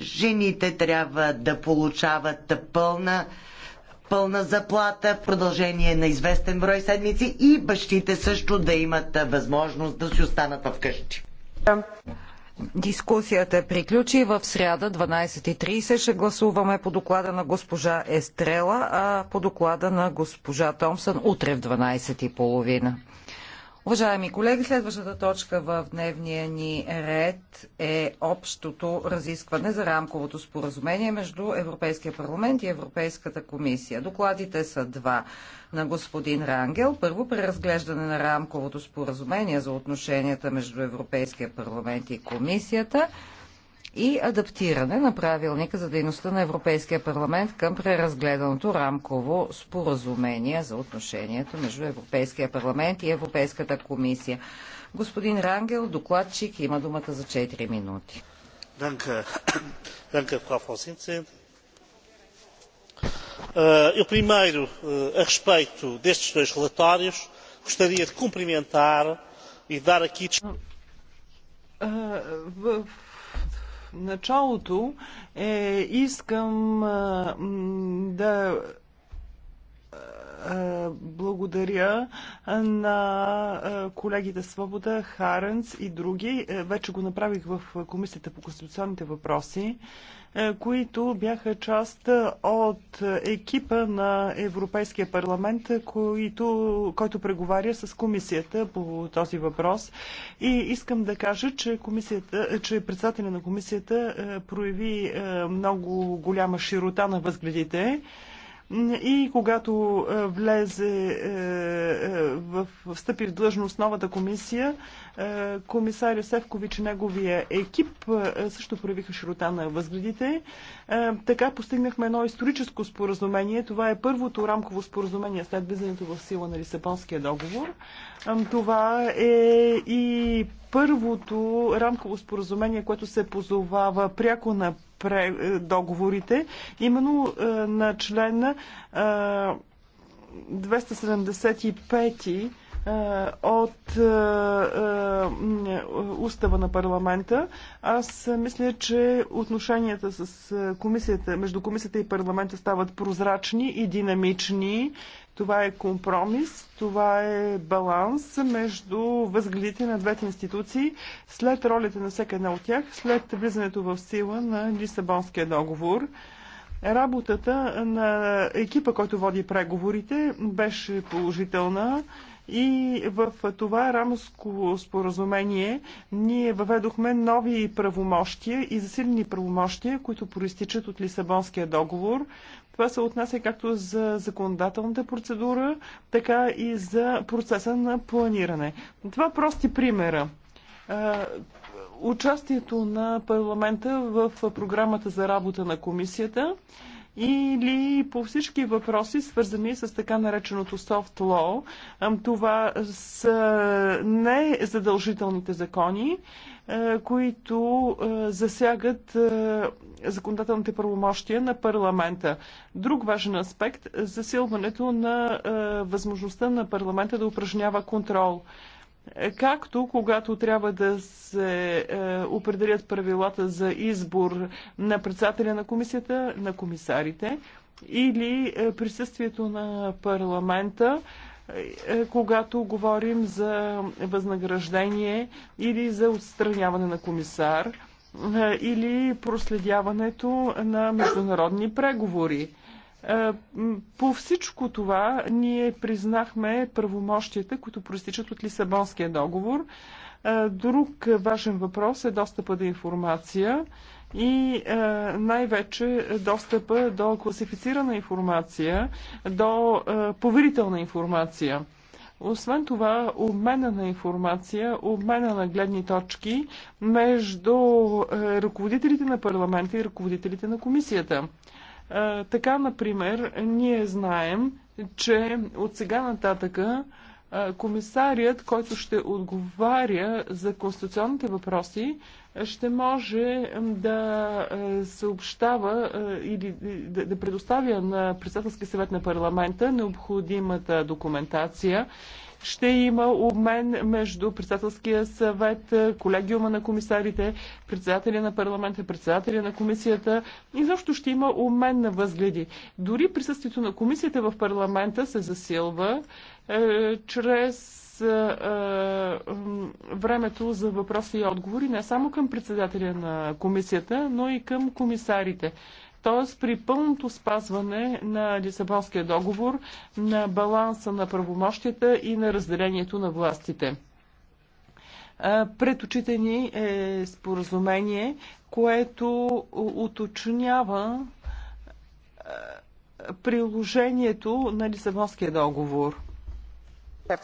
Жените трябва да получават пълна пълна заплата в продължение на известен брой седмици и бащите също да имат възможност да си останат вкъщи. Дискусията приключи. В сряда 12.30 ще гласуваме по доклада на госпожа Естрела, а по доклада на госпожа Томсън утре в 12.30. Уважаеми колеги, следващата точка в дневния ни ред е общото разискване за рамковото споразумение между Европейския парламент и Европейската комисия. Докладите са два на господин Рангел. Първо, преразглеждане на рамковото споразумение за отношенията между Европейския парламент и комисията и адаптиране на правилника за дейността на Европейския парламент към преразгледаното рамково споразумение за отношението между Европейския парламент и Европейската комисия. Господин Рангел, докладчик, има думата за 4 минути. Е, eu primeiro, е, a respeito destes dois relatórios, gostaria de cumprimentar e dar aqui. Е, в началото е, искам да е, благодаря е, на е, колегите Свобода, Харенц и други. Вече го направих в Комисията по конституционните въпроси, които бяха част от екипа на Европейския парламент, който, който преговаря с Комисията по този въпрос. И искам да кажа, че, комисията, че председателя на Комисията прояви много голяма широта на възгледите. И когато е, влезе е, е, в встъпи в длъжност новата комисия, е, Комисаря Севкович и неговия екип е, също проявиха широта на възгледите. Е, така постигнахме едно историческо споразумение. Това е първото рамково споразумение след влизането в сила на Лисабонския договор. Това е и първото рамково споразумение, което се позовава пряко на договорите, именно на член 275 е, от е, е, устава на парламента. Аз мисля, че отношенията с комисията, между комисията и парламента стават прозрачни и динамични. Това е компромис, това е баланс между възгледите на двете институции след ролите на всяка една от тях, след влизането в сила на Лисабонския договор. Работата на екипа, който води преговорите, беше положителна. И в това рамско споразумение ние въведохме нови правомощия и засилени правомощия, които проистичат от Лисабонския договор. Това се отнася както за законодателната процедура, така и за процеса на планиране. Два прости примера участието на парламента в програмата за работа на комисията или по всички въпроси, свързани с така нареченото soft law. Това са незадължителните закони, е, които е, засягат е, законодателните правомощия на парламента. Друг важен аспект – засилването на възможността на парламента да упражнява контрол. Е, както когато трябва да се е, определят правилата за избор на председателя на комисията, на комисарите или е, присъствието на парламента, е, когато говорим за възнаграждение или за отстраняване на комисар е, или проследяването на международни преговори. Е, по всичко това ние признахме правомощията, които проистичат от Лисабонския договор. Е, друг важен въпрос е достъпа до информация и е, най-вече достъпа до класифицирана информация, до поверителна информация. Освен това, обмена на информация, обмена на гледни точки между ръководителите на парламента и ръководителите на комисията. Е, така, например, ние знаем, че от сега нататъка е, комисарият, който ще отговаря за конституционните въпроси, ще може да е, съобщава или да предоставя на председателски съвет на парламента необходимата документация ще има обмен между председателския съвет, колегиума на комисарите, председателя на парламента, председателя на комисията. И защо ще има обмен на възгледи. Дори присъствието на комисията в парламента се засилва е, чрез е, е, времето за въпроси и отговори не само към председателя на комисията, но и към комисарите. Т.е. при пълното спазване на Лисабонския договор, на баланса на правомощията и на разделението на властите. Пред очите ни е споразумение, което уточнява приложението на Лисабонския договор. Thank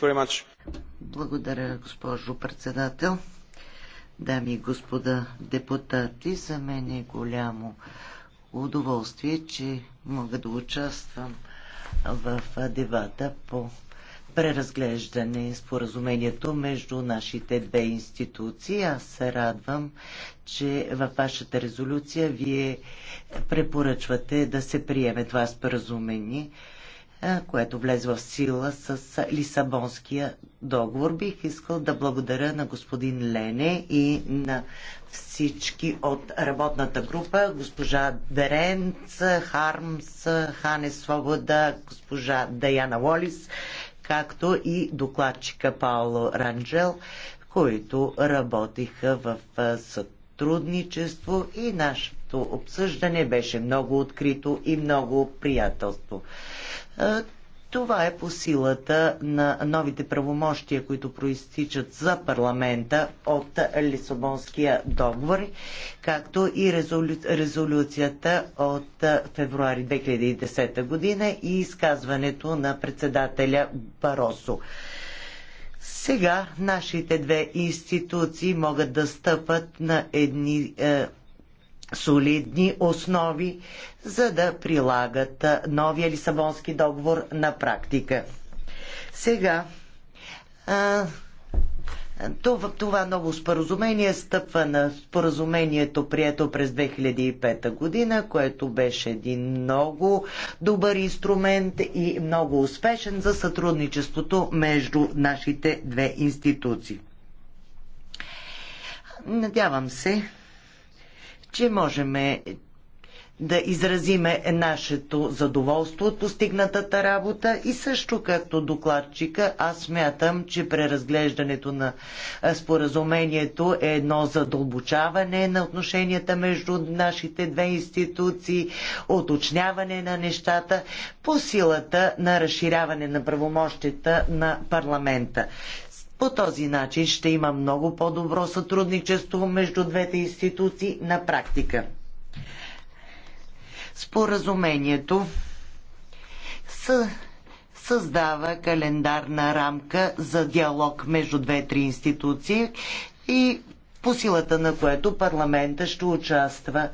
you very much. Благодаря, госпожо председател. Дами и господа депутати, за мен е голямо удоволствие, че мога да участвам в дебата по преразглеждане споразумението между нашите две институции. Аз се радвам, че във вашата резолюция вие препоръчвате да се приеме това споразумение което влезе в сила с Лисабонския договор. Бих искал да благодаря на господин Лене и на всички от работната група, госпожа Деренц, Хармс, Хане Свобода, госпожа Даяна Волис, както и докладчика Пауло Ранджел, които работиха в сътрудничество и наш нашето обсъждане беше много открито и много приятелство. Това е по силата на новите правомощия, които проистичат за парламента от Лисабонския договор, както и резолю... резолюцията от февруари 2010 година и изказването на председателя Баросо. Сега нашите две институции могат да стъпат на едни е, солидни основи, за да прилагат новия Лисабонски договор на практика. Сега, а, това, това ново споразумение стъпва на споразумението, прието през 2005 година, което беше един много добър инструмент и много успешен за сътрудничеството между нашите две институции. Надявам се, че можем да изразиме нашето задоволство от постигнатата работа и също както докладчика, аз смятам, че преразглеждането на споразумението е едно задълбочаване на отношенията между нашите две институции, уточняване на нещата по силата на разширяване на правомощите на парламента. По този начин ще има много по-добро сътрудничество между двете институции на практика. Споразумението с създава календарна рамка за диалог между две-три институции и по силата на което парламента ще участва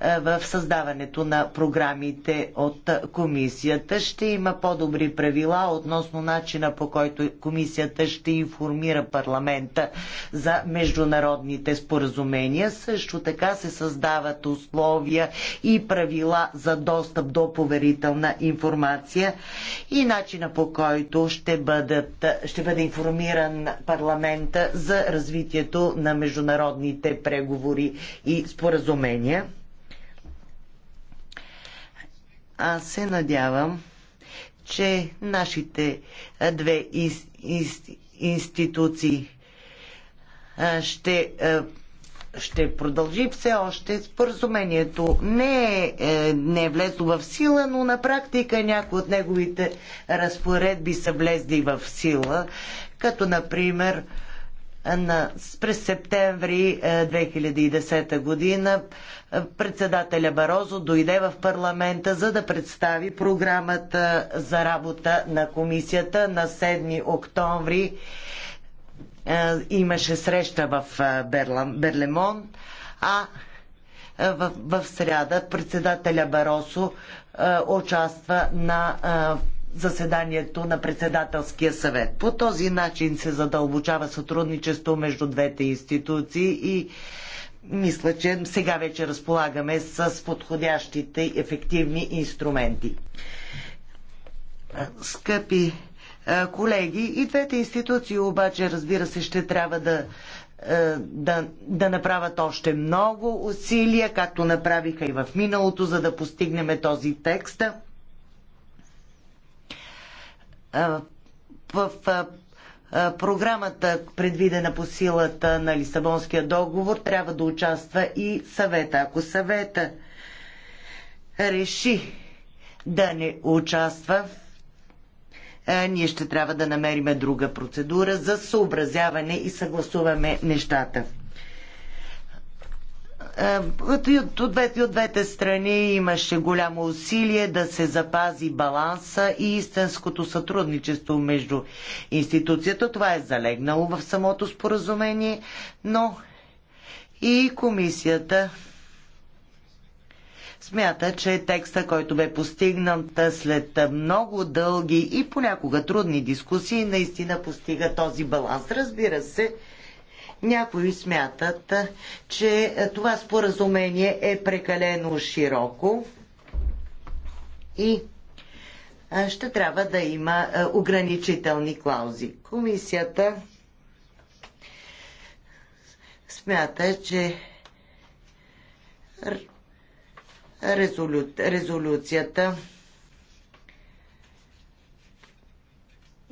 е, в създаването на програмите от комисията. Ще има по-добри правила относно начина по който комисията ще информира парламента за международните споразумения. Също така се създават условия и правила за достъп до поверителна информация и начина по който ще, бъдат, ще бъде информиран парламента за развитието на международните преговори и споразумения. Аз се надявам, че нашите две из, из, институции ще, ще продължи все още. Споразумението не е, е, не е влезло в сила, но на практика някои от неговите разпоредби са влезли в сила, като например на, през септември 2010 е, година е, председателя Барозо дойде в парламента, за да представи програмата за работа на комисията на 7 октомври. Е, имаше среща в Берлемон, а в, в сряда председателя Баросо участва на заседанието на председателския съвет. По този начин се задълбочава сътрудничество между двете институции и мисля, че сега вече разполагаме с подходящите ефективни инструменти. Скъпи колеги, и двете институции обаче, разбира се, ще трябва да да, да направят още много усилия, както направиха и в миналото, за да постигнем този текст в програмата, предвидена по силата на Лисабонския договор, трябва да участва и съвета. Ако съвета реши да не участва, ние ще трябва да намериме друга процедура за съобразяване и съгласуваме нещата. И от, от, двете, от двете страни имаше голямо усилие да се запази баланса и истинското сътрудничество между институцията. Това е залегнало в самото споразумение, но и комисията смята, че текста, който бе постигнат след много дълги и понякога трудни дискусии, наистина постига този баланс. Разбира се, някои смятат, че това споразумение е прекалено широко и ще трябва да има ограничителни клаузи. Комисията смята, че резолю... резолюцията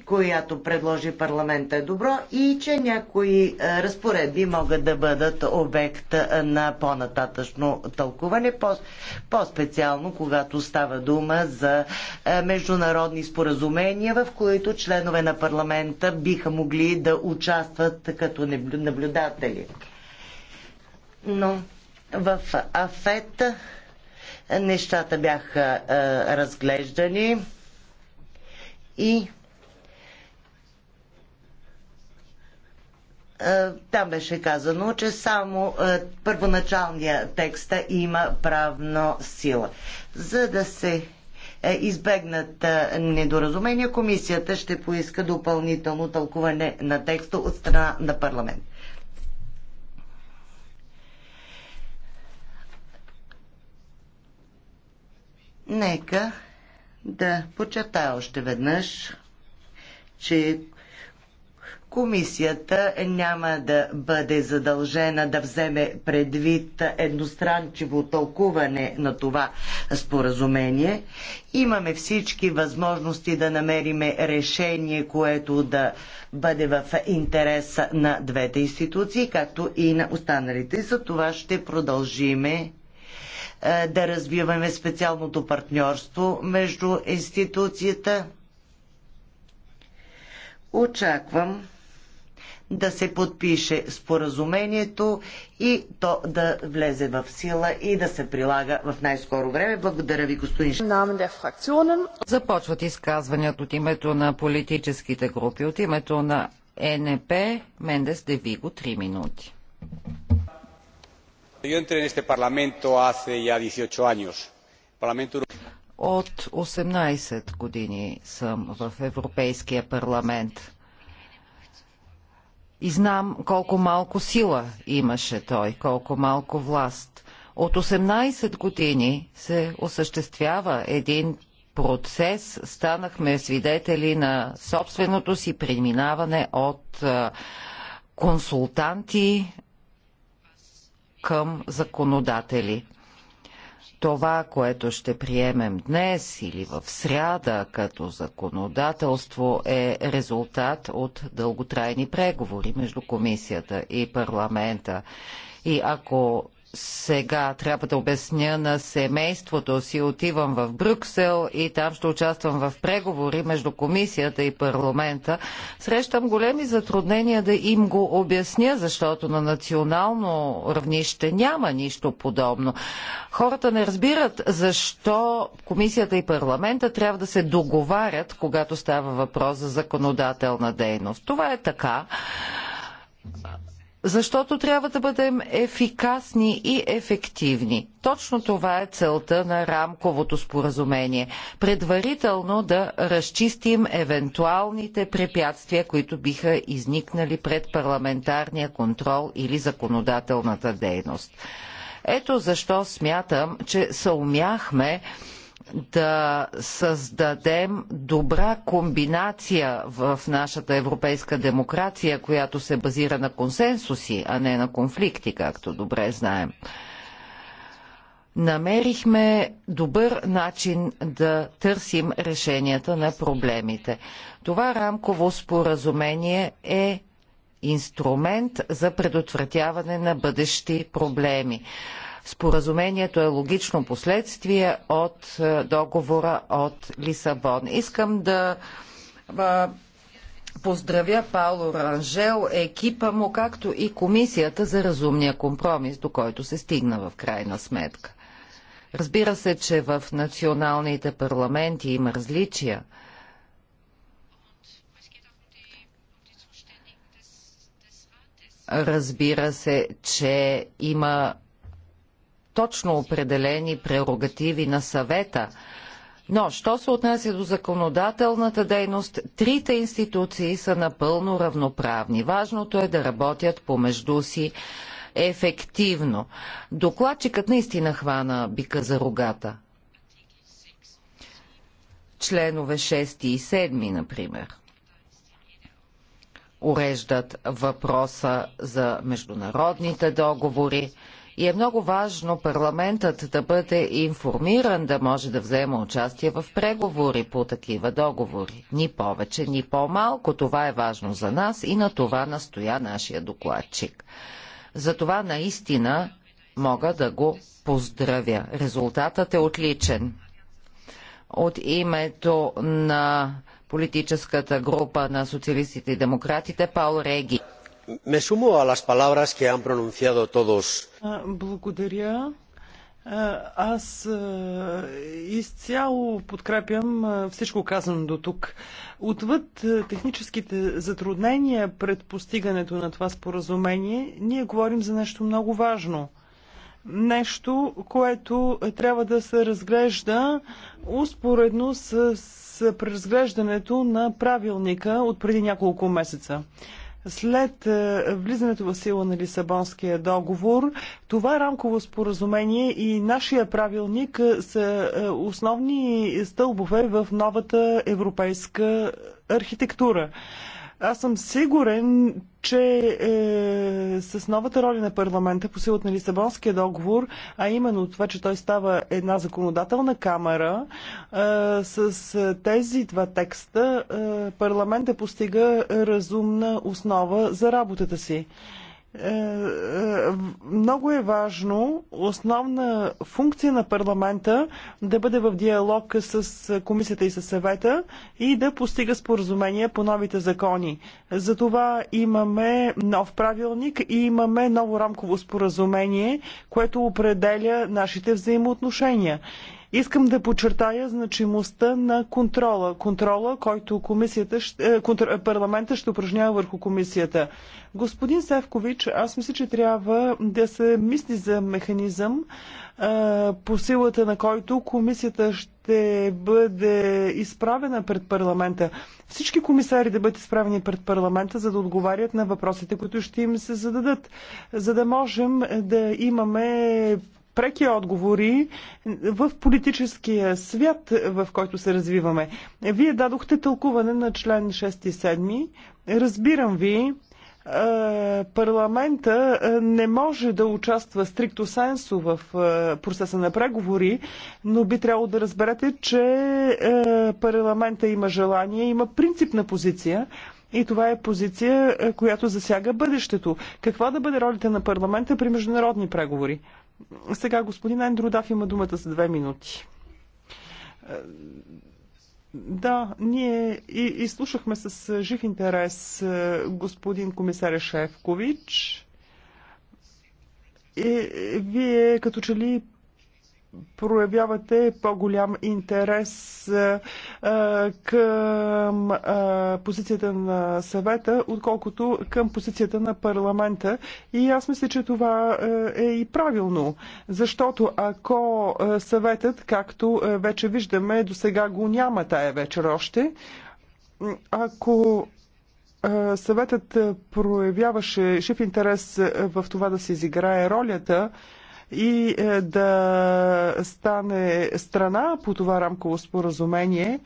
която предложи парламента е добро и че някои е, разпоредби могат да бъдат обект е, на по-нататъчно тълкуване, по-специално когато става дума за е, международни споразумения, в които членове на парламента биха могли да участват като наблюдатели. Но в АФЕТ нещата бяха разглеждани и Е, там беше казано, че само е, първоначалния текст има правна сила. За да се е, избегнат недоразумения, комисията ще поиска допълнително тълкуване на текста от страна на парламент. Нека да подчертая още веднъж, че Комисията няма да бъде задължена да вземе предвид едностранчиво тълкуване на това споразумение. Имаме всички възможности да намериме решение, което да бъде в интерес на двете институции, както и на останалите. За това ще продължиме е, да развиваме специалното партньорство между институцията. Очаквам да се подпише споразумението и то да влезе в сила и да се прилага в най-скоро време. Благодаря ви, господин Започват изказванията от името на политическите групи. От името на ЕНП Мендес Девиго 3 минути. Yo entré en este Parlamento hace ya 18 años. Parlamento от 18 години съм в Европейския парламент. И знам колко малко сила имаше той, колко малко власт. От 18 години се осъществява един процес. Станахме свидетели на собственото си преминаване от консултанти към законодатели това, което ще приемем днес или в сряда като законодателство е резултат от дълготрайни преговори между комисията и парламента. И ако сега трябва да обясня на семейството си. Отивам в Брюксел и там ще участвам в преговори между комисията и парламента. Срещам големи затруднения да им го обясня, защото на национално равнище няма нищо подобно. Хората не разбират защо комисията и парламента трябва да се договарят, когато става въпрос за законодателна дейност. Това е така защото трябва да бъдем ефикасни и ефективни. Точно това е целта на рамковото споразумение. Предварително да разчистим евентуалните препятствия, които биха изникнали пред парламентарния контрол или законодателната дейност. Ето защо смятам, че съумяхме да създадем добра комбинация в нашата европейска демокрация, която се базира на консенсуси, а не на конфликти, както добре знаем. Намерихме добър начин да търсим решенията на проблемите. Това рамково споразумение е инструмент за предотвратяване на бъдещи проблеми. Споразумението е логично последствие от е, договора от Лисабон. Искам да е, поздравя Пауло Ранжел, екипа му, както и комисията за разумния компромис, до който се стигна в крайна сметка. Разбира се, че в националните парламенти има различия. Разбира се, че има точно определени прерогативи на съвета. Но, що се отнася до законодателната дейност, трите институции са напълно равноправни. Важното е да работят помежду си ефективно. Докладчикът наистина хвана бика за рогата. Членове 6 и 7, например, уреждат въпроса за международните договори, и е много важно парламентът да бъде информиран, да може да взема участие в преговори по такива договори. Ни повече, ни по-малко. Това е важно за нас и на това настоя нашия докладчик. За това наистина мога да го поздравя. Резултатът е отличен. От името на политическата група на социалистите и демократите Паул Реги me sumo a las palabras que han pronunciado todos. Благодаря. Аз изцяло подкрепям всичко казано до тук. Отвъд техническите затруднения пред постигането на това споразумение, ние говорим за нещо много важно – нещо, което трябва да се разглежда успоредно с преразглеждането на правилника от преди няколко месеца. След е, влизането в сила на Лисабонския договор, това рамково споразумение и нашия правилник е, са е, основни стълбове в новата европейска архитектура. Аз съм сигурен, че е, с новата роля на парламента по силата на Лисабонския договор, а именно това, че той става една законодателна камера, е, с тези два текста е, парламента постига разумна основа за работата си. Е, е, е, много е важно основна функция на парламента да бъде в диалог с комисията и с съвета и да постига споразумения по новите закони. За това имаме нов правилник и имаме ново рамково споразумение, което определя нашите взаимоотношения. Искам да подчертая значимостта на контрола. Контрола, който комисията, е, контр... парламента ще упражнява върху комисията. Господин Севкович, аз мисля, че трябва да се мисли за механизъм, е, по силата на който комисията ще бъде изправена пред парламента. Всички комисари да бъдат изправени пред парламента, за да отговарят на въпросите, които ще им се зададат, за да можем да имаме преки отговори в политическия свят, в който се развиваме. Вие дадохте тълкуване на член 6 и 7. Разбирам ви, е, парламента е, не може да участва стрикто сенсо в е, процеса на преговори, но би трябвало да разберете, че парламента има желание, има принципна позиция. И това е позиция, която засяга бъдещето. Каква да бъде ролята на парламента при международни преговори? Сега господин Андродав, има думата за две минути. Е, да, ние и, и слушахме с жив интерес е, господин комисаря Шефкович. И вие като че ли проявявате по-голям интерес а, към а, позицията на съвета, отколкото към позицията на парламента. И аз мисля, че това е и правилно, защото ако съветът, както вече виждаме, до сега го няма тая вечер още, ако съветът проявяваше жив интерес в това да се изиграе ролята, и е, да стане страна по това рамково споразумение,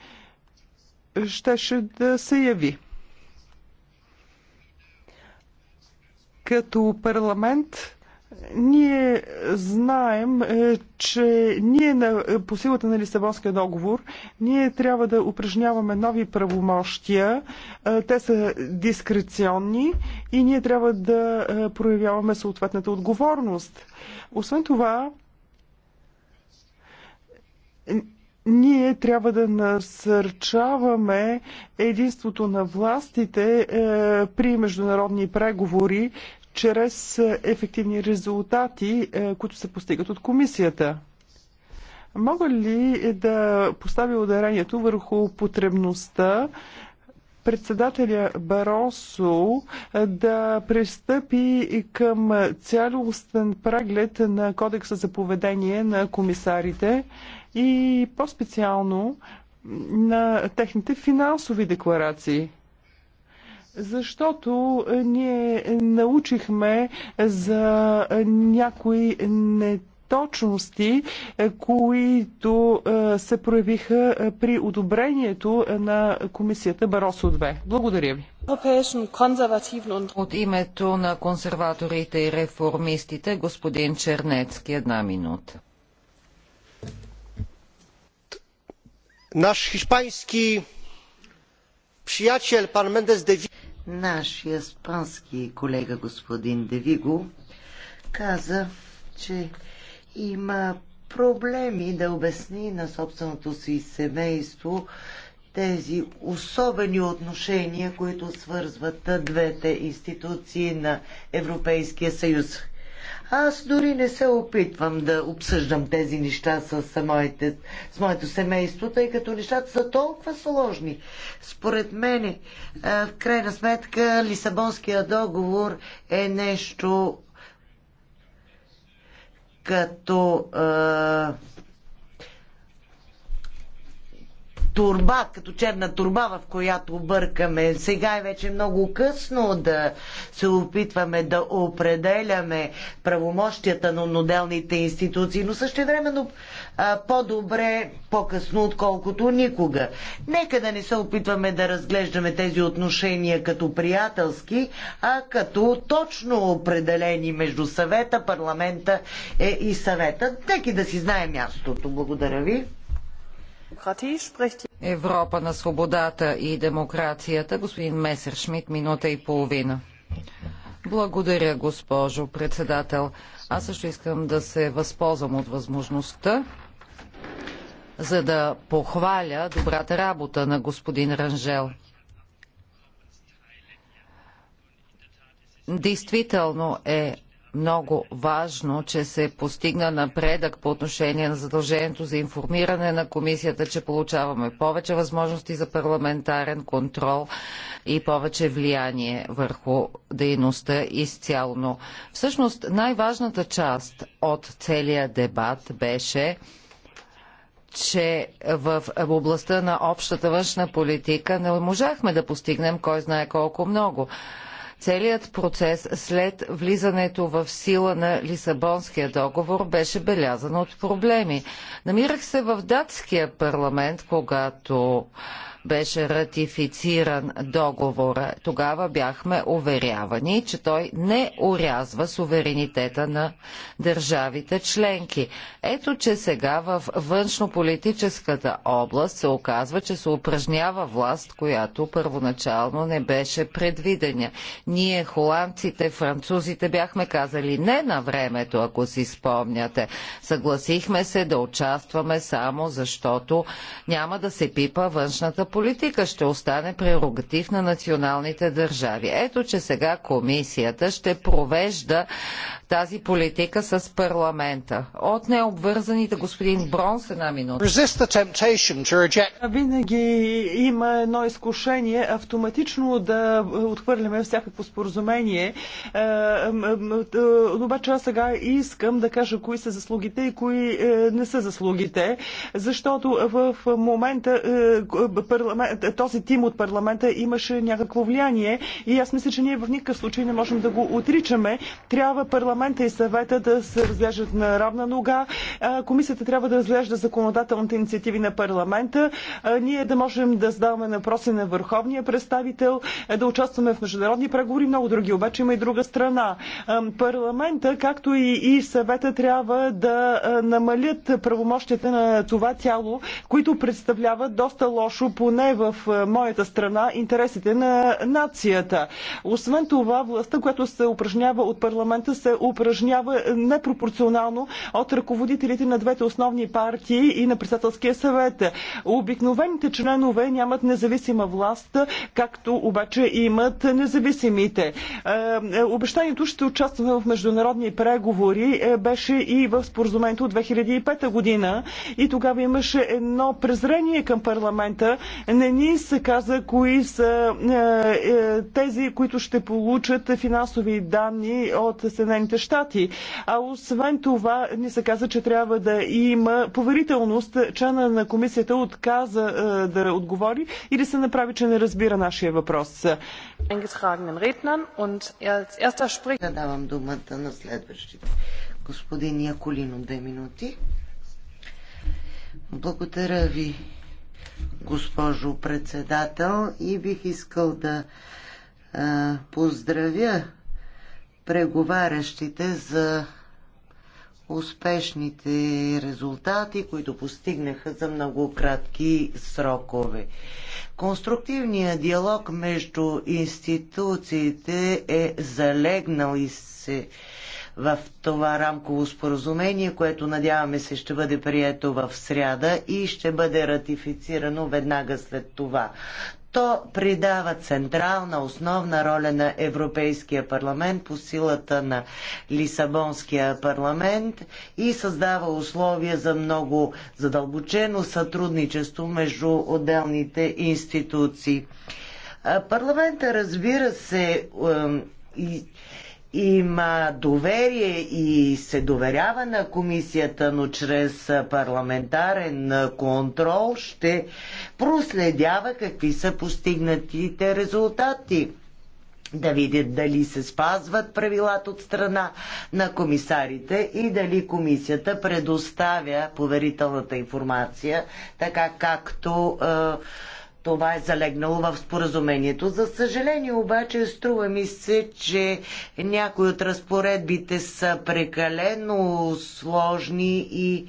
щеше да се яви. Като парламент ние знаем, е, че ние на, по силата на Лисабонския договор ние трябва да упражняваме нови правомощия. Е, те са дискреционни и ние трябва да е, проявяваме съответната отговорност. Освен това, ние трябва да насърчаваме единството на властите е, при международни преговори чрез е, ефективни резултати, е, които се постигат от комисията. Мога ли да поставя ударението върху потребността председателя Баросо е, да пристъпи към цялостен преглед на кодекса за поведение на комисарите и по-специално на техните финансови декларации? Защото е, ние научихме за някои не точности, е, които е, се проявиха при одобрението на комисията Баросо 2. Благодаря ви. От името на консерваторите и реформистите, господин Чернецки, една минута. Наш хиспански приятел, пан Мендес де Нашия спански колега господин Девиго каза, че има проблеми да обясни на собственото си семейство тези особени отношения, които свързват двете институции на Европейския съюз. Аз дори не се опитвам да обсъждам тези неща с, моите, с моето семейство, тъй като нещата са толкова сложни. Според мен, е, в крайна сметка, Лисабонския договор е нещо като. Е, турба, като черна турба, в която бъркаме. Сега е вече много късно да се опитваме да определяме правомощията на отделните институции, но също времено по-добре по-късно, отколкото никога. Нека да не се опитваме да разглеждаме тези отношения като приятелски, а като точно определени между съвета, парламента е и съвета. Нека да си знаем мястото. Благодаря ви. Европа на свободата и демокрацията. Господин Месершмит, минута и половина. Благодаря, госпожо председател. Аз също искам да се възползвам от възможността за да похваля добрата работа на господин Ранжел. Действително е много важно, че се постигна напредък по отношение на задължението за информиране на комисията, че получаваме повече възможности за парламентарен контрол и повече влияние върху дейността изцяло. Всъщност най-важната част от целия дебат беше че в областта на общата външна политика не можахме да постигнем кой знае колко много. Целият процес след влизането в сила на Лисабонския договор беше белязан от проблеми. Намирах се в датския парламент, когато беше ратифициран договора, тогава бяхме уверявани, че той не урязва суверенитета на държавите членки. Ето, че сега в външнополитическата област се оказва, че се упражнява власт, която първоначално не беше предвидена. Ние, холандците, французите, бяхме казали не на времето, ако си спомняте. Съгласихме се да участваме само защото няма да се пипа външната политика ще остане прерогатив на националните държави. Ето, че сега комисията ще провежда тази политика с парламента. От необвързаните господин Бронс една минута. Винаги има едно изкушение автоматично да отхвърляме всякакво споразумение. Е, обаче аз сега искам да кажа кои са заслугите и кои е, не са заслугите, защото в момента е, парламент, този тим от парламента имаше някакво влияние и аз мисля, че ние в никакъв случай не можем да го отричаме. Трябва парламента и съвета да се разглеждат на равна нога. Комисията трябва да разглежда законодателните инициативи на парламента. Ние да можем да задаваме въпроси на върховния представител, да участваме в международни преговори, много други. Обаче има и друга страна. Парламента, както и съвета, трябва да намалят правомощите на това тяло, които представляват доста лошо по поне в е, моята страна, интересите на нацията. Освен това, властта, която се упражнява от парламента, се упражнява непропорционално от ръководителите на двете основни партии и на председателския съвет. Обикновените членове нямат независима власт, както обаче имат независимите. Е, е, обещанието ще участваме в международни преговори беше и в споразумението от 2005 година и тогава имаше едно презрение към парламента, не ни се каза кои са е, е, тези, които ще получат финансови данни от Съединените щати. А освен това, ни се каза, че трябва да има поверителност. Члена на комисията отказа е, да отговори или се направи, че не разбира нашия въпрос. Да давам думата на следващите. Господин Яколино, две минути. Благодаря ви, госпожо председател, и бих искал да а, поздравя преговарящите за успешните резултати, които постигнаха за много кратки срокове. Конструктивният диалог между институциите е залегнал и се в това рамково споразумение, което надяваме се ще бъде прието в сряда и ще бъде ратифицирано веднага след това. То придава централна, основна роля на Европейския парламент по силата на Лисабонския парламент и създава условия за много задълбочено сътрудничество между отделните институции. Парламента, разбира се, и има доверие и се доверява на комисията, но чрез парламентарен контрол ще проследява какви са постигнатите резултати да видят дали се спазват правилата от страна на комисарите и дали комисията предоставя поверителната информация, така както е, това е залегнало в споразумението. За съжаление обаче струва ми се, че някои от разпоредбите са прекалено сложни и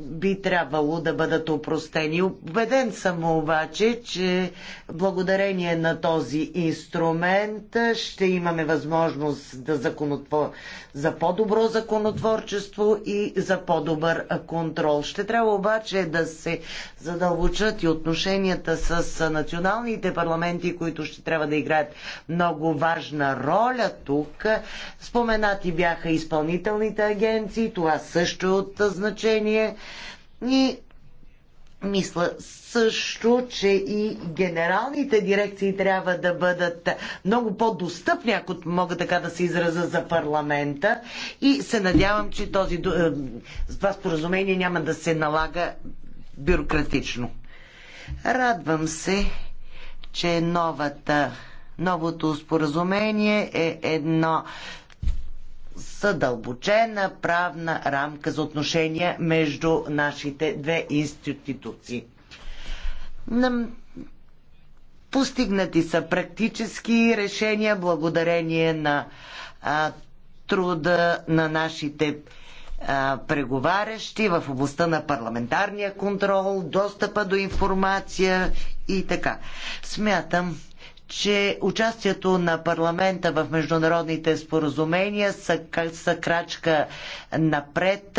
би трябвало да бъдат опростени. Обеден съм обаче, че благодарение на този инструмент ще имаме възможност да законотвор... за по-добро законотворчество и за по-добър контрол. Ще трябва обаче да се задълбочат и отношенията с националните парламенти, които ще трябва да играят много важна роля тук. Споменати бяха изпълнителните агенции, това също е от значение и мисля също, че и генералните дирекции трябва да бъдат много по-достъпни, ако мога така да се израза за парламента. И се надявам, че този, е, това споразумение няма да се налага бюрократично. Радвам се, че новата, новото споразумение е едно съдълбочена правна рамка за отношения между нашите две институции. Постигнати са практически решения благодарение на а, труда на нашите а, преговарящи в областта на парламентарния контрол, достъпа до информация и така. Смятам, че участието на парламента в международните споразумения са, са крачка напред,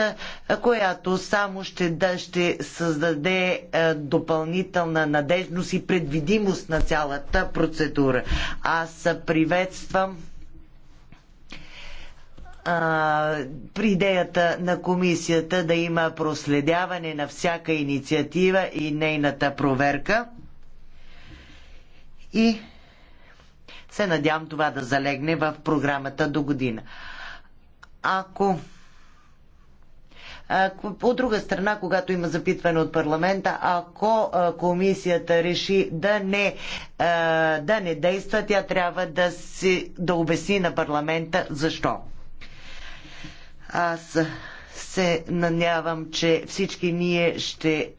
която само ще, да, ще създаде е, допълнителна надежност и предвидимост на цялата процедура. Аз приветствам при идеята на комисията да има проследяване на всяка инициатива и нейната проверка. И се надявам това да залегне в програмата до година. Ако от друга страна, когато има запитване от парламента, ако комисията реши да не, да не действа, тя трябва да, си, да обясни на парламента защо. Аз се надявам, че всички ние ще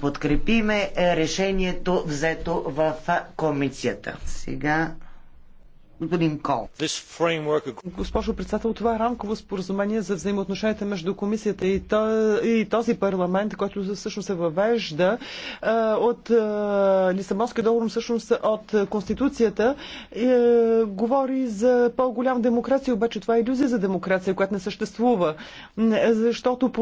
подкрепиме е, решението взето в комисията. Сега господин Кол. Госпожо председател, това е рамково споразумение за взаимоотношенията между комисията и, този парламент, който всъщност се въвежда от Лисабонския договор, всъщност от Конституцията, говори за по-голям демокрация, обаче това е иллюзия за демокрация, която не съществува. Защото по,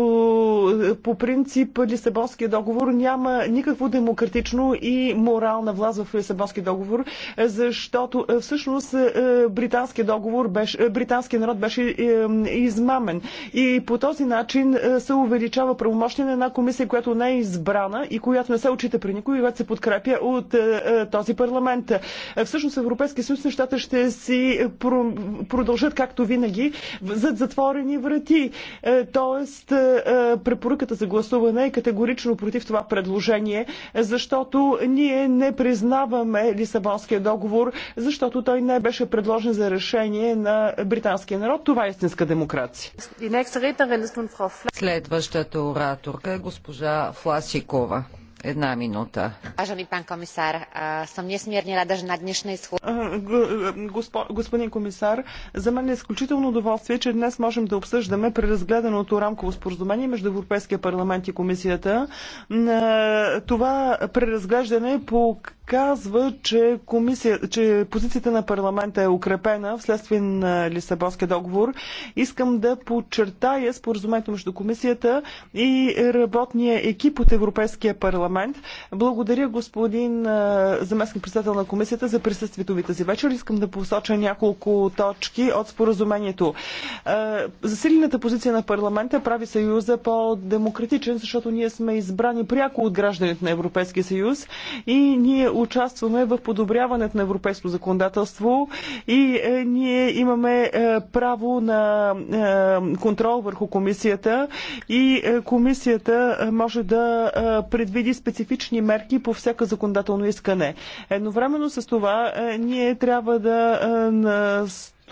по принцип Лисабонския договор няма никакво демократично и морална власт в Лисабонския договор, защото всъщност е, британския договор беше, е, британския народ беше е, измамен. И по този начин се увеличава правомощие на една комисия, която не е избрана и която не се очита при никой, и която се подкрепя от този парламент. Всъщност Европейския съюз нещата ще си продължат както винаги зад затворени врати. Тоест препоръката за гласуване е категорично против това предложение, защото ние не признаваме Лисабонския договор, защото той не беше беше предложен за решение на британския народ. Това е истинска демокрация. Е Следващата ораторка е госпожа Фласикова. Една минута. Vážený пан комисар, съм nesmierne смирни рада на днешна изход. Господин комисар, за мен е изключително удоволствие, че днес можем да обсъждаме преразгледаното рамково споразумение между Европейския парламент и комисията. Това преразглеждане по казва, че, комисия, че позицията на парламента е укрепена вследствие на Лисабонския договор. Искам да подчертая споразумението между комисията и работния екип от Европейския парламент. Благодаря господин заместник председател на комисията за присъствието ви тази вечер. Искам да посоча няколко точки от споразумението. Засилената позиция на парламента прави съюза по-демократичен, защото ние сме избрани пряко от гражданите на Европейския съюз и ние участваме в подобряването на европейско законодателство и е, ние имаме е, право на е, контрол върху комисията и комисията може да предвиди специфични мерки по всяка законодателно искане. Едновременно с това ние трябва да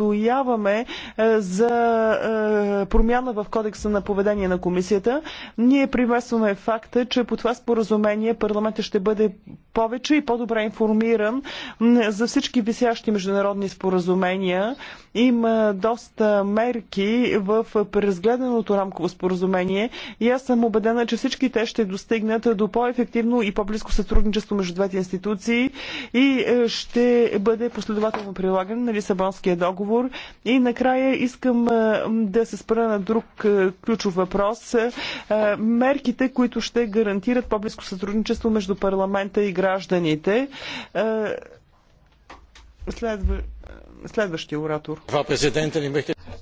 настояваме е, за е, промяна в кодекса на поведение на комисията. Ние приветстваме факта, че по това споразумение парламентът ще бъде повече и по-добре информиран за всички висящи международни споразумения. Има доста мерки в преразгледаното рамково споразумение и аз съм убедена, че всички те ще достигнат до по-ефективно и по-близко сътрудничество между двете институции и е, ще бъде последователно прилаган на Лисабонския договор отговор. И накрая искам да се спра на друг ключов въпрос. Мерките, които ще гарантират по-близко сътрудничество между парламента и гражданите. Следва... Следващия оратор.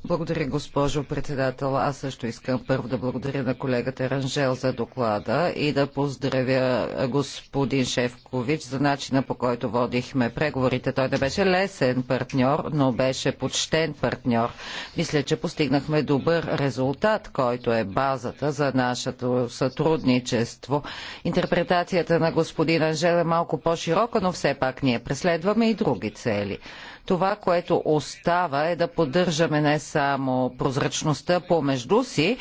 Благодаря, госпожо председател. Аз също искам първо да благодаря на колегата Ранжел за доклада и да поздравя господин Шефкович за начина по който водихме преговорите. Той не беше лесен партньор, но беше почтен партньор. Мисля, че постигнахме добър резултат, който е базата за нашето сътрудничество. Интерпретацията на господин Ранжел е малко по-широка, но все пак ние преследваме и други цели. Това, което остава е да поддържаме не само прозрачността помежду си,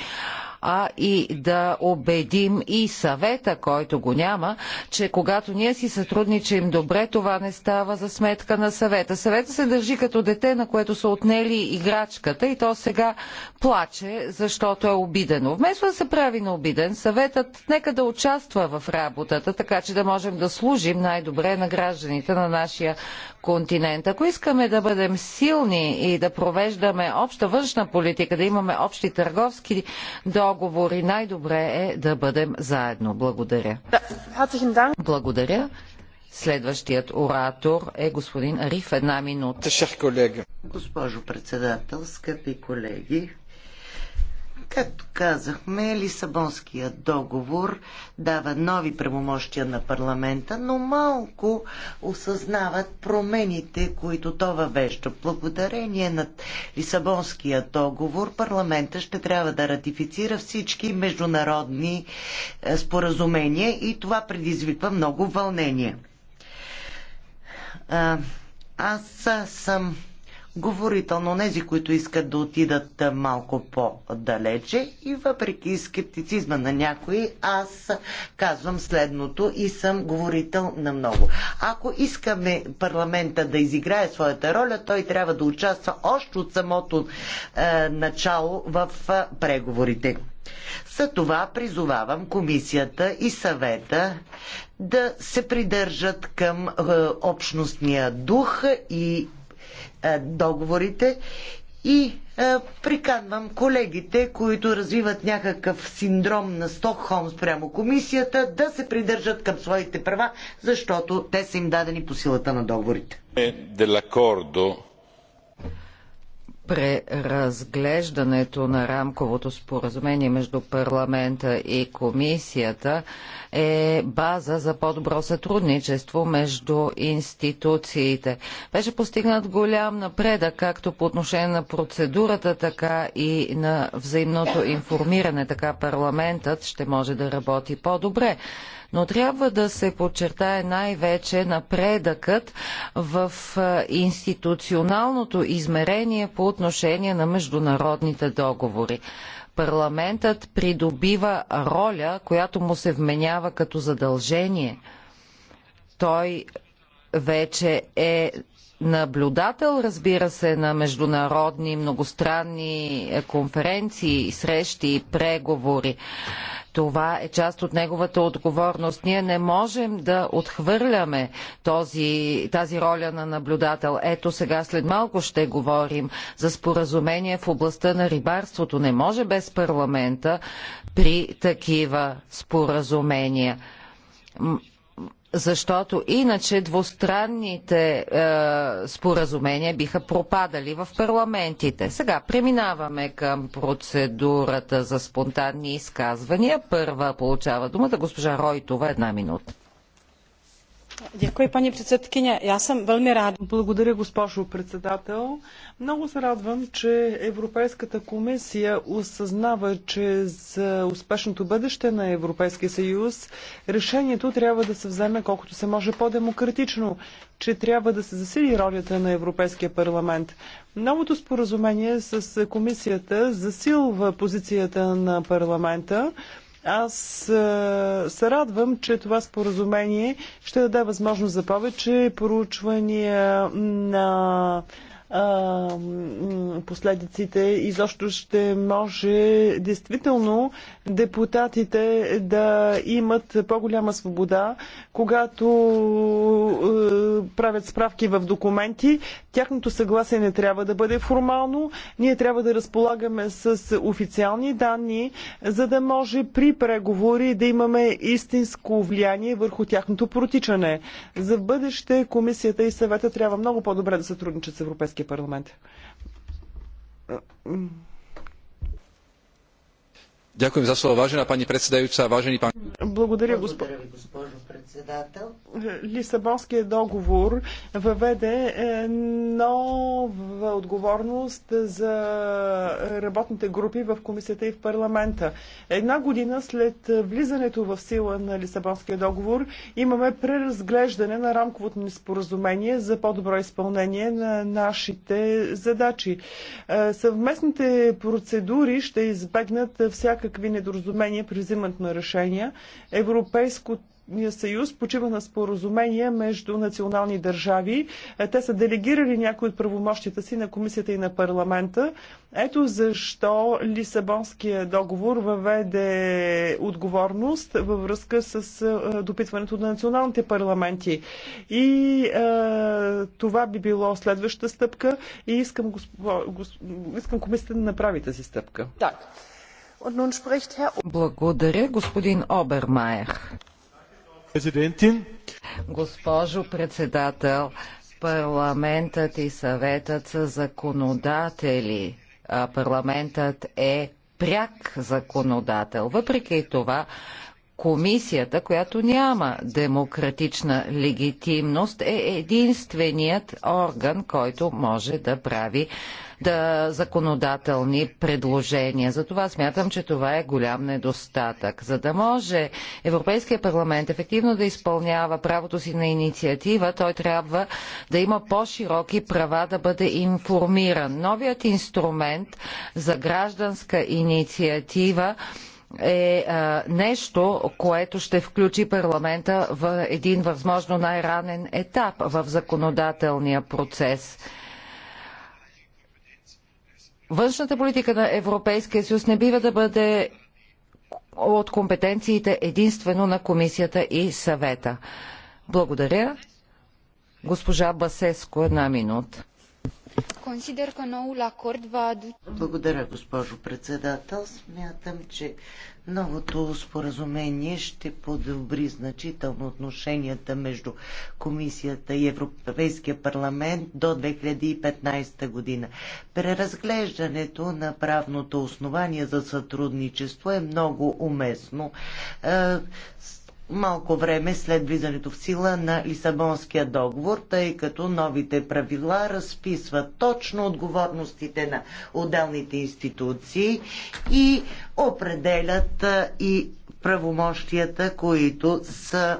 а и да убедим и съвета, който го няма, че когато ние си сътрудничим добре, това не става за сметка на съвета. Съвета се държи като дете, на което са отнели играчката и то сега плаче, защото е обидено. Вместо да се прави на обиден, съветът нека да участва в работата, така че да можем да служим най-добре на гражданите на нашия континент. Ако искаме да бъдем силни и да провеждаме обща външна политика, да имаме общи търговски договори, договори. Най-добре е да бъдем заедно. Благодаря. Благодаря. Следващият оратор е господин Риф, Една минута. Госпожо председател, скъпи колеги, Както казахме, Лисабонският договор дава нови правомощия на парламента, но малко осъзнават промените, които то въвежда. Благодарение на Лисабонския договор парламента ще трябва да ратифицира всички международни е, споразумения и това предизвиква много вълнение. Аз съм говорител на тези, които искат да отидат малко по-далече и въпреки скептицизма на някои, аз казвам следното и съм говорител на много. Ако искаме парламента да изиграе своята роля, той трябва да участва още от самото е, начало в е, преговорите. За това призовавам комисията и съвета да се придържат към е, общностния дух и е, договорите и е, приканвам колегите, които развиват някакъв синдром на Стокхолм спрямо комисията, да се придържат към своите права, защото те са им дадени по силата на договорите. Е, преразглеждането на рамковото споразумение между парламента и комисията е база за по-добро сътрудничество между институциите. Беше постигнат голям напредък, както по отношение на процедурата, така и на взаимното информиране, така парламентът ще може да работи по-добре. Но трябва да се подчертае най-вече напредъкът в институционалното измерение по отношение на международните договори парламентът придобива роля, която му се вменява като задължение. Той вече е наблюдател, разбира се, на международни многостранни е, конференции, срещи и преговори. Това е част от неговата отговорност. Ние не можем да отхвърляме този, тази роля на наблюдател. Ето сега след малко ще говорим за споразумение в областта на рибарството. Не може без парламента при такива споразумения защото иначе двустранните е, споразумения биха пропадали в парламентите. Сега преминаваме към процедурата за спонтанни изказвания. Първа получава думата госпожа Ройтова една минута. Благодаря, госпожо председател. Много се радвам, че Европейската комисия осъзнава, че за успешното бъдеще на Европейския съюз решението трябва да се вземе колкото се може по-демократично, че трябва да се засили ролята на Европейския парламент. Новото споразумение с комисията засилва позицията на парламента. Аз е, се радвам, че това споразумение ще даде възможност за повече поручвания на последиците и защо ще може действително депутатите да имат по-голяма свобода, когато правят справки в документи. Тяхното съгласие не трябва да бъде формално. Ние трябва да разполагаме с официални данни, за да може при преговори да имаме истинско влияние върху тяхното протичане. За бъдеще комисията и съвета трябва много по-добре да сътрудничат с Европейската. Европейския парламент. Благодаря, госпожо председател. Лисабонския договор въведе е, нова отговорност за работните групи в комисията и в парламента. Една година след влизането в сила на Лисабонския договор имаме преразглеждане на рамковото ни споразумение за по-добро изпълнение на нашите задачи. Е, съвместните процедури ще избегнат всякакви недоразумения при взимането на решения. Европейското съюз почива на споразумения между национални държави. Е, те са делегирали някои от правомощията си на комисията и на парламента. Ето защо Лисабонския договор въведе отговорност във връзка с е, допитването на националните парламенти. И е, това би било следваща стъпка и искам, госпо, госп... искам комисията да направи тази стъпка. Так. Благодаря, господин Обермайер. Госпожо председател, парламентът и съветът са законодатели, а парламентът е пряк законодател. Въпреки това, комисията, която няма демократична легитимност, е единственият орган, който може да прави да законодателни предложения. Затова смятам, че това е голям недостатък. За да може Европейския парламент ефективно да изпълнява правото си на инициатива, той трябва да има по-широки права да бъде информиран. Новият инструмент за гражданска инициатива е, е нещо, което ще включи парламента в един възможно най-ранен етап в законодателния процес. Външната политика на Европейския съюз не бива да бъде от компетенциите единствено на комисията и съвета. Благодаря. Госпожа Басеско, една минута. Consider că noul acord va Благодаря, госпожо председател. Смятам, че новото споразумение ще подобри значително отношенията между Комисията и Европейския парламент до 2015 година. Преразглеждането на правното основание за сътрудничество е много уместно. Е, малко време след влизането в сила на Лисабонския договор, тъй като новите правила разписват точно отговорностите на отделните институции и определят и правомощията, които са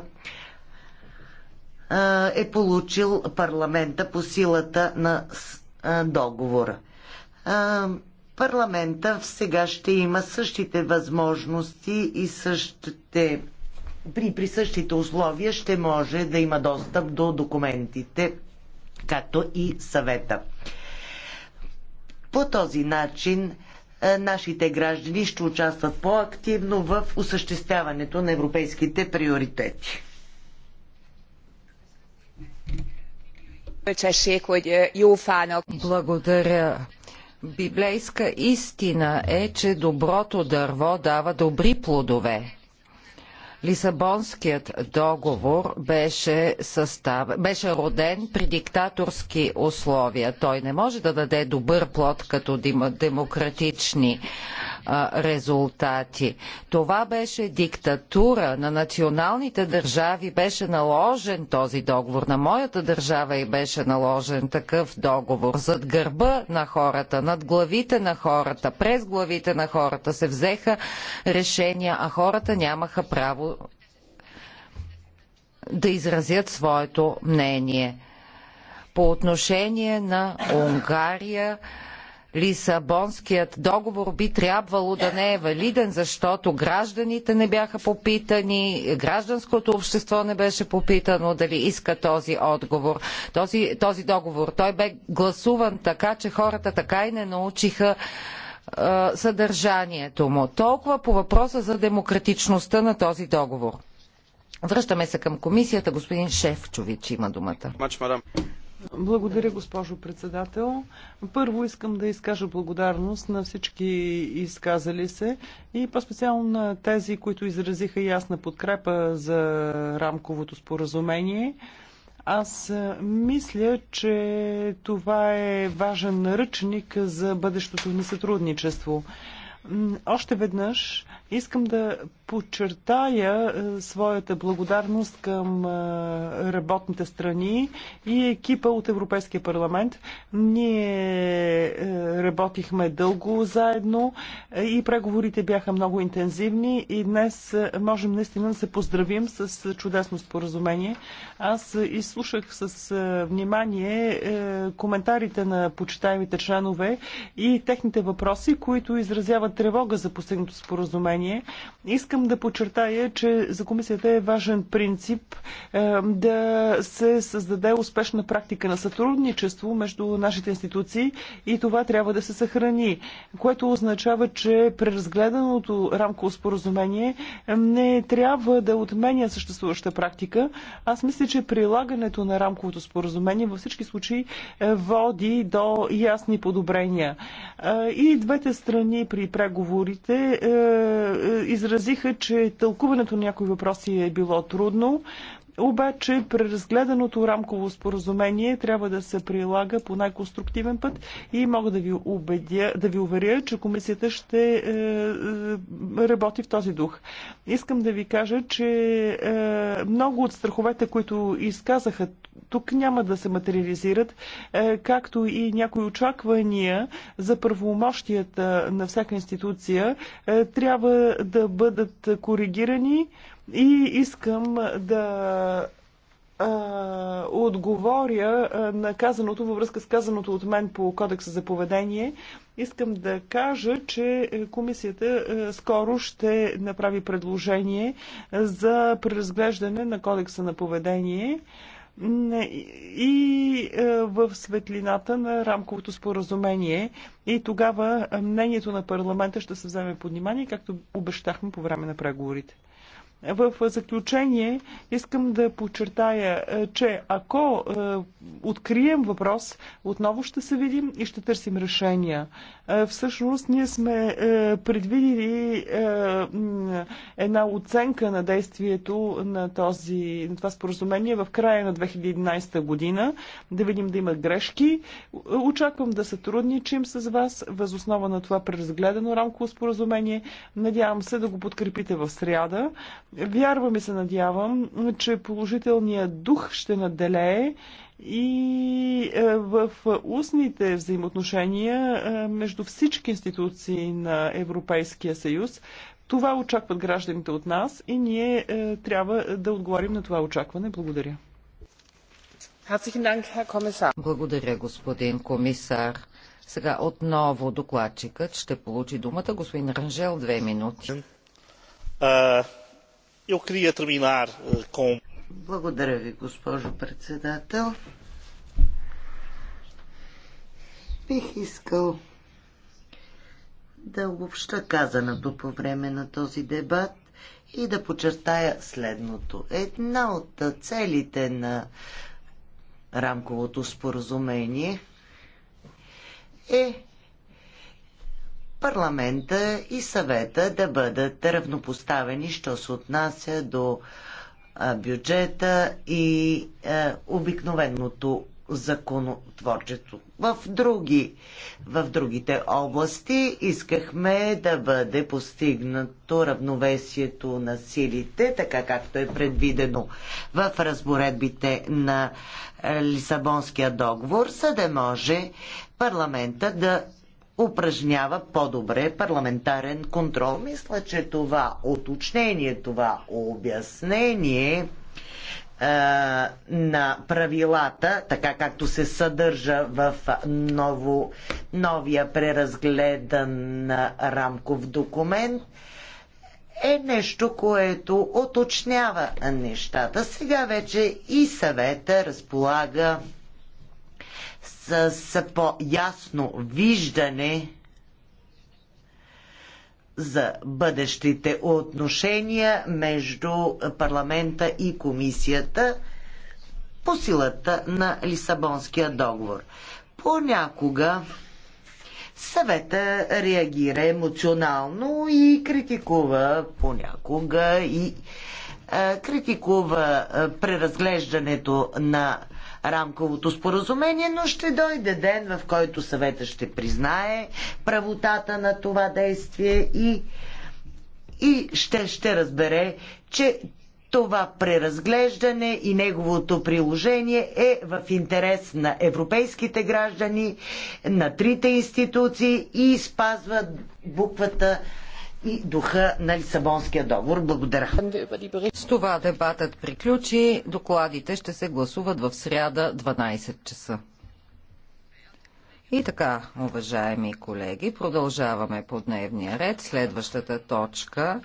е получил парламента по силата на договора. Парламента сега ще има същите възможности и същите при, при същите условия ще може да има достъп до документите, както и съвета. По този начин е, нашите граждани ще участват по-активно в осъществяването на европейските приоритети. Е, Благодаря. Библейска истина е, че доброто дърво дава добри плодове. Лисабонският договор беше, състав... беше роден при диктаторски условия. Той не може да даде добър плод като демократични резултати. Това беше диктатура на националните държави, беше наложен този договор. На моята държава и беше наложен такъв договор. Зад гърба на хората, над главите на хората, през главите на хората се взеха решения, а хората нямаха право да изразят своето мнение. По отношение на Унгария, Лисабонският договор би трябвало да не е валиден, защото гражданите не бяха попитани, гражданското общество не беше попитано дали иска този отговор, този, този договор. Той бе гласуван така, че хората така и не научиха съдържанието му. Толкова по въпроса за демократичността на този договор. Връщаме се към комисията. Господин Шефчович има думата. Благодаря, госпожо председател. Първо искам да изкажа благодарност на всички изказали се и по-специално на тези, които изразиха ясна подкрепа за рамковото споразумение. Аз е, мисля, че това е важен наръчник за бъдещото ни сътрудничество. Още веднъж Искам да подчертая е, своята благодарност към е, работните страни и екипа от Европейския парламент. Ние е, работихме дълго заедно и преговорите бяха много интензивни и днес можем наистина да се поздравим с чудесно споразумение. Аз изслушах с внимание коментарите на почитаемите членове и техните въпроси, които изразяват тревога за постигнато споразумение споразумение. Искам да подчертая, че за комисията е важен принцип е, да се създаде успешна практика на сътрудничество между нашите институции и това трябва да се съхрани, което означава, че преразгледаното рамково споразумение не трябва да отменя съществуваща практика. Аз мисля, че прилагането на рамковото споразумение във всички случаи е, води до ясни подобрения. Е, и двете страни при преговорите е, изразиха, че тълкуването на някои въпроси е било трудно. Обаче преразгледаното рамково споразумение трябва да се прилага по най-конструктивен път и мога да ви, убедя, да ви уверя, че комисията ще е, е, работи в този дух. Искам да ви кажа, че е, много от страховете, които изказаха тук, няма да се материализират, е, както и някои очаквания за правомощията на всяка институция е, трябва да бъдат коригирани. И искам да а, отговоря на казаното във връзка с казаното от мен по кодекса за поведение. Искам да кажа, че е, комисията е, скоро ще направи предложение е, за преразглеждане на кодекса на поведение и в светлината на рамковото споразумение. И тогава мнението на парламента ще се вземе под внимание, както обещахме по време на преговорите. В заключение искам да подчертая, е, че ако е, открием въпрос, отново ще се видим и ще търсим решения. Е, всъщност ние сме предвидили една оценка на действието на, този, на това споразумение в края на 2011 година, да видим да има грешки. Очаквам да сътрудничим с вас възоснова на това преразгледано рамково споразумение. Надявам се да го подкрепите в сряда. Вярвам и се надявам, че положителният дух ще наделее и е, в устните взаимоотношения е, между всички институции на Европейския съюз. Това очакват гражданите от нас и ние е, трябва да отговорим на това очакване. Благодаря. Благодаря, господин комисар. Сега отново докладчикът ще получи думата. Господин Ранжел, две минути. Uh... Eu queria terminar eh, com... Благодаря ви, госпожо председател. Бих искал да обобща казаното по време на този дебат и да почертая следното. Една от целите на рамковото споразумение е парламента и съвета да бъдат равнопоставени, що се отнася до бюджета и обикновеното законотворчество. В, други, в другите области искахме да бъде постигнато равновесието на силите, така както е предвидено в разборедбите на Лисабонския договор, за да може парламента да упражнява по-добре парламентарен контрол. Мисля, че това уточнение, това обяснение е, на правилата, така както се съдържа в ново, новия преразгледан рамков документ, е нещо, което оточнява нещата. Сега вече и съвета разполага с, по-ясно виждане за бъдещите отношения между парламента и комисията по силата на Лисабонския договор. Понякога съвета реагира емоционално и критикува понякога и е, критикува е, преразглеждането на рамковото споразумение, но ще дойде ден, в който съвета ще признае правотата на това действие и, и ще, ще разбере, че това преразглеждане и неговото приложение е в интерес на европейските граждани, на трите институции и спазва буквата и духа на Лисабонския договор. Благодаря. С това дебатът приключи. Докладите ще се гласуват в сряда 12 часа. И така, уважаеми колеги, продължаваме по дневния ред. Следващата точка